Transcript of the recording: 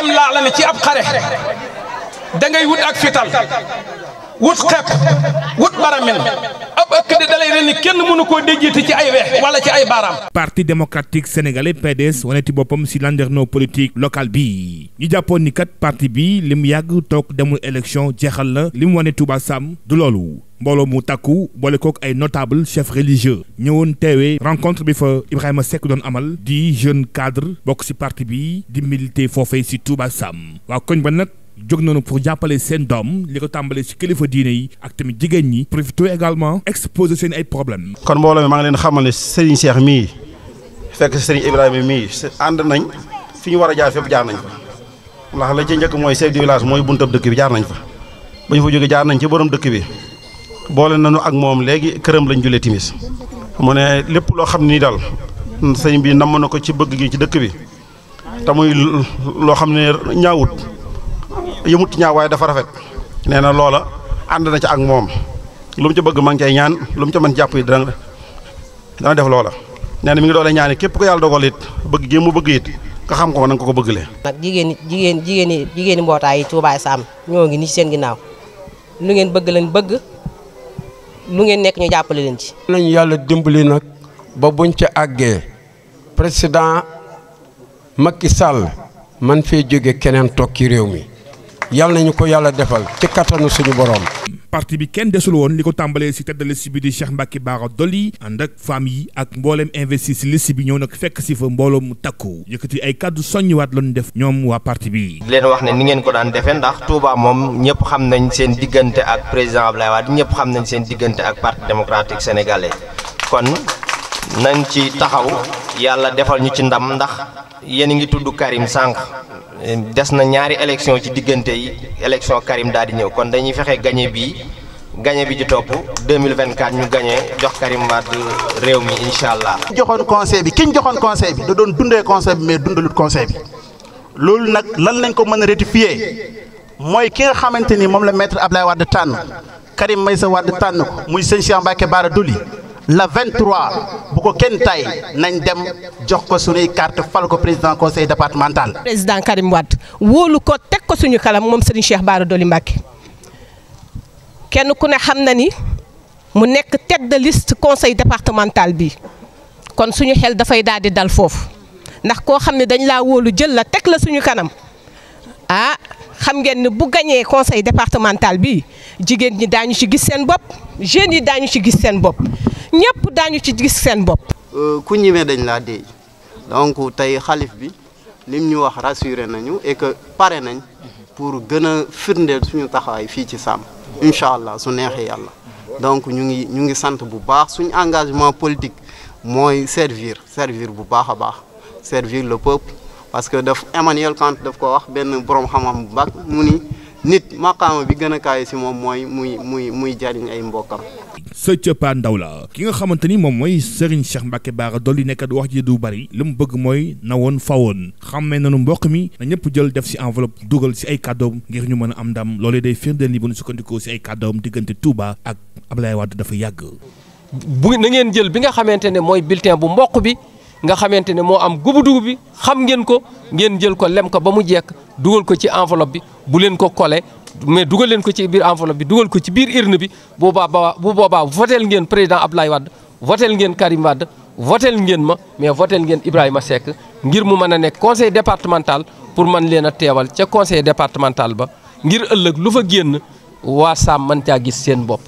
dem laalane ci ab xare da ngay wut ak fital wut xepp wut baramin ab ëkk de dalay ren kenn mënu koo déjjati ci ay weex wala ci ay baaraam. parti démocratique sénégalais PDS waneti boppam si landerneau politique local bi ñu jàppoon ni parti bi lim yàgg toog demul élection jeexal la lim wane Touba Sam du loolu. mbooloo mu takku boole kook ay notable chef religieux ñëwoon teewee rencontre bi fa Ibrahima Seck doon amal di jeune cadre bokk ci parti bi di milité foofee ci Touba Sam waa koñ ba nag jóg nañu pour jàppale seen doom li ko tàmbalee ci kilifa diine yi ak tamit jigéen ñi profité également exposé seen ay problèmes. kon mbooloo mi maa ngi leen xamal ne Serigne Cheikh mii fekk Serigne Ibrahima mii ànd nañ fi ñu war a jaar fépp jaar nañ fa ndax la ci njëkk mooy chef du mooy buntab dëkk bi jaar nañ fa ba ñu fa jógee jaar nañ ci borom dëkk bi. boole nañu ak moom léegi këram lañu julee timis mu ne lépp loo xam ni daal sëñ bi namm na ko ci bëgg gi ci dëkk bi te muy loo xam ne ñaawut yëmut ñaaw waaye dafa rafet nee na loola ànd na ci ak moom lu mu ci bëgg ma ngi cay ñaan lu mu ci mën jàpp yi dana def loola nee na mi ngi doole ñaani képp ko yàlla dogal it bëgg gi mu bëgg it nga xam ko nanga ko ko bëggalee. nag jigéen jigéen jigéen jigéen mbootaay yi Touba Sam ñoo ngi nii seen ginnaaw lu ngeen bëgg lañ bëgg. lu ngeen nekk ñu jàppale leen ci. nañu yàlla dimbali nag ba buñ ca àggee président Macky Sall man fee jóge keneen toog réew mi yàlla nañu ko yàlla defal ci kattanu suñu borom. parti bi kenn desul woon li ko tàmbalee si tête de liste bi di Cheikh Mbacke Bara Dolly ànd ak femme yi ak mbooleem investi si liste bi ñëw nag fekk si fa mbooloo mu takku yëkkati ay kàddu soññiwaat lañu def ñoom waa parti bi leen wax ne ni ngeen ko daan defee ndax Touba moom ñëpp xam nañ seen diggante ak président Abdoulaye Wade ñëpp xam nañ seen diggante ak parti démocratique sénégalais kon nañ ci taxaw yàlla defal ñu ci ndam ndax yéen ngi tudd Karim sànq des na ñaari élection ci diggante yi élection Karim daal di ñëw kon dañuy fexe gañe bi gañe bi ci topp 2024 ñu gañe jox Karim Wade réew mi incha allah. ki joxoon conseil bi ki joxoon conseil bi da doon dundee conseil bi mais dundalut conseil bi loolu nag lan lañ ko mën a rectifier mooy ki nga xamante ni moom la maître Abdoulaye Wade tànn Karim Meïssa Wade tànn ko muy sëñ Cheikh Mbacké Bara la 23 bu ko kenn tay nañ dem jox ko suñuy carte fal ko président conseil départemental. président Karim Wade woolu ko teg ko suñu kanam moom seen Cheikh Bara Doli Mbacké kenn ku ne xam na ni mu nekk tête de liste conseil départemental bi kon suñu xel dafay daal di dal foofu ndax koo xam ne dañ laa woolu jël la teg la suñu kanam ah xam ngeen ne bu gañee conseil départemental bi jigéen ñi daañu ci gis seen bopp jeunes yi daañu ci gis seen bopp. ñëpp daañu ci gis seen bopp. Euh, ku ñëwee dañ laa dee donc tey xalif bi lim ñu wax rassuré nañu et que pare nañ pour gën a firndeel suñu taxawaay fii ci sàmm incha allah su neexee yàlla donc ñu ngi ñu ngi sant bu baax suñu engagement politique mooy servir servir bu baax a baax servir le peuple parce que daf Emmanuel Kant daf ko wax benn borom xam-xam bu baax mu ni. nit maqaama bi gën a si moom mooy muy muy muy jariñ ay mbokkam. sa cëppaa ndaw la ki nga xamante ni moom mooy Serigne Cheikh Mbacke Bara Dolly nekkat wax ji du bari li mu bëgg mooy na woon fawoon xammee nanu mbokk mi na ñëpp jël def si enveloppe dugal si ay kàddoom ngir ñu mën a am ndam loolee day firndeel ni bu ñu sukkandikoo si ay kàddoom diggante Touba ak lay Wade dafa yàgg. bu jël bi nga xamante ne mooy bulletin bu mboq bi. nga xamante ne moo am gubu dugub bi xam ngeen ko ngeen jël ko lem ko ba mu jekk dugal ko ci enveloppe bu leen ko kole mais dugal leen ko ci biir enveloppe bi dugal ko ci biir urne bi boobaa ba bu booba votel ngeen président Abdoulaye Wade votel ngeen Karim Wade votel ngeen ma mais votel ngeen Ibrahima Seck ngir mu mën a nekk conseil départemental pour man leen a teewal ca conseil départemental ba ngir ëllëg lu fa génn waa Saam man caa gis seen bopp.